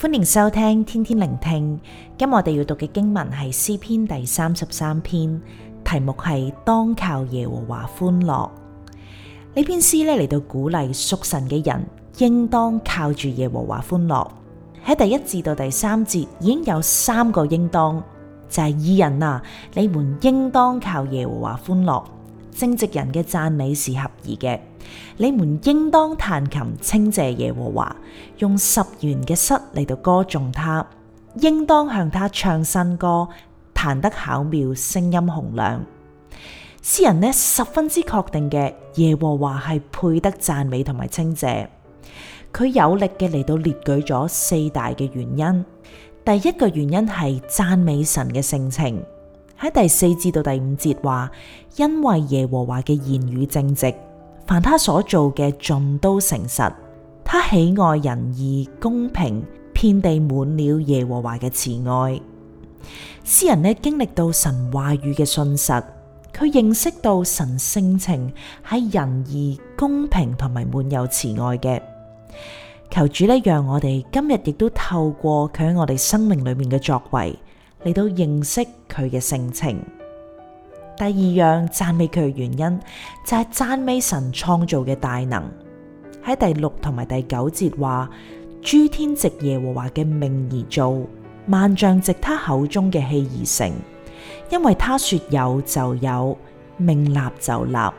歡迎收聽天天靈聽，今日我哋要讀嘅經文係詩篇第三十三篇，題目係當靠耶和華歡樂。呢篇詩咧嚟到鼓勵屬神嘅人，應當靠住耶和華歡樂。喺第一至到第三節已經有三個應當，就係、是、義人啊，你們應當靠耶和華歡樂，正直人嘅讚美是合宜嘅。你們應當彈琴稱謝耶和華，用十絃嘅瑟嚟到歌頌他，應當向他唱新歌，彈得巧妙，聲音洪亮。詩人呢十分之確定嘅耶和華係配得讚美同埋稱謝，佢有力嘅嚟到列舉咗四大嘅原因。第一個原因係讚美神嘅性情，喺第四至到第五節話，因為耶和華嘅言語正直。凡他所做嘅盡都誠實，他喜愛仁義、公平，遍地滿了耶和華嘅慈愛。詩人呢經歷到神話語嘅信實，佢認識到神性情係仁義、公平同埋滿有慈愛嘅。求主呢讓我哋今日亦都透過佢喺我哋生命裏面嘅作為，嚟到認識佢嘅性情。第二樣讚美佢嘅原因，就係、是、讚美神創造嘅大能。喺第六同埋第九節話：諸天藉耶和華嘅命而造，萬象藉他口中嘅氣而成。因為他說有就有，命立就立。呢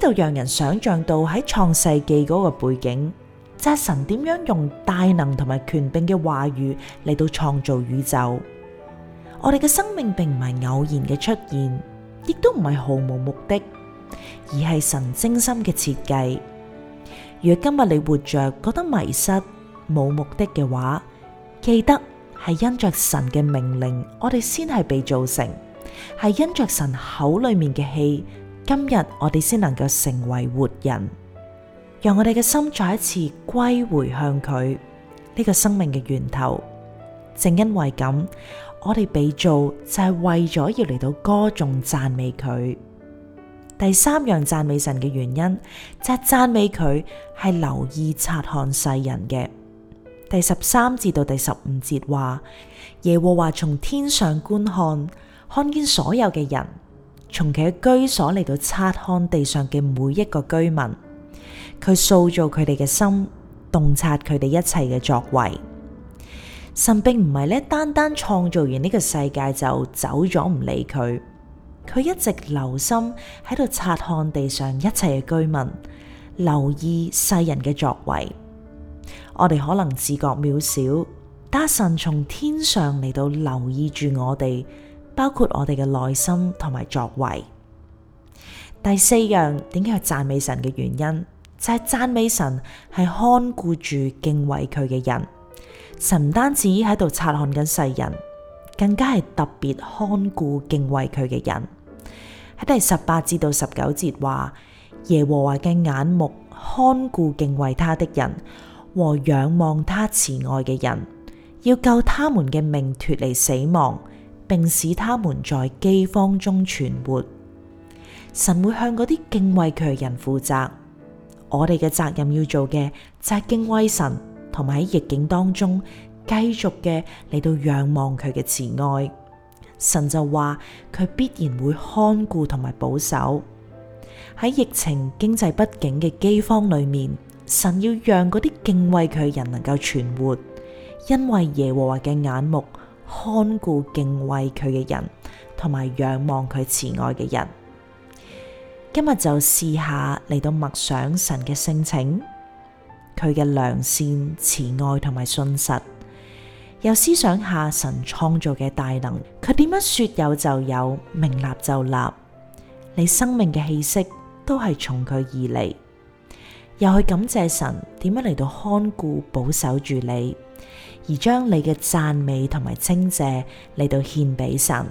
度讓人想象到喺創世記嗰個背景，就是、神點樣用大能同埋權柄嘅話語嚟到創造宇宙。我哋嘅生命並唔係偶然嘅出現。亦都唔係毫無目的，而係神精心嘅設計。若今日你活着覺得迷失，冇目的嘅話，記得係因着神嘅命令，我哋先係被造成，係因着神口裏面嘅氣，今日我哋先能夠成為活人。讓我哋嘅心再一次歸回向佢呢個生命嘅源頭。正因為咁。我哋被造就係為咗要嚟到歌頌讚美佢。第三樣讚美神嘅原因就係、是、讚美佢係留意察看世人嘅。第十三至到第十五節話，耶和華從天上觀看，看見所有嘅人，從佢嘅居所嚟到察看地上嘅每一個居民，佢塑造佢哋嘅心，洞察佢哋一切嘅作為。神並唔係咧，單單創造完呢個世界就走咗唔理佢，佢一直留心喺度察看地上一切嘅居民，留意世人嘅作為。我哋可能自覺渺小，但係神從天上嚟到留意住我哋，包括我哋嘅內心同埋作為。第四樣點解去讚美神嘅原因，就係、是、讚美神係看顧住敬畏佢嘅人。神唔單止喺度察看緊世人，更加係特別看顧敬畏佢嘅人。喺第十八至到十九節話：耶和華嘅眼目看顧敬畏他的人和仰望他慈愛嘅人，要救他們嘅命脱離死亡，並使他們在飢荒中存活。神會向嗰啲敬畏佢嘅人負責。我哋嘅責任要做嘅就係敬畏神。同埋喺逆境當中，繼續嘅嚟到仰望佢嘅慈愛，神就話佢必然會看顧同埋保守。喺疫情經濟不景嘅饑荒裏面，神要讓嗰啲敬畏佢嘅人能夠存活，因為耶和華嘅眼目看顧敬畏佢嘅人，同埋仰望佢慈愛嘅人。今日就試下嚟到默想神嘅性情。佢嘅良善、慈愛同埋信實，又思想下神創造嘅大能，佢點樣說有就有，命立就立，你生命嘅氣息都係從佢而嚟，又去感謝神點樣嚟到看顧保守住你，而將你嘅讚美同埋稱謝嚟到獻俾神。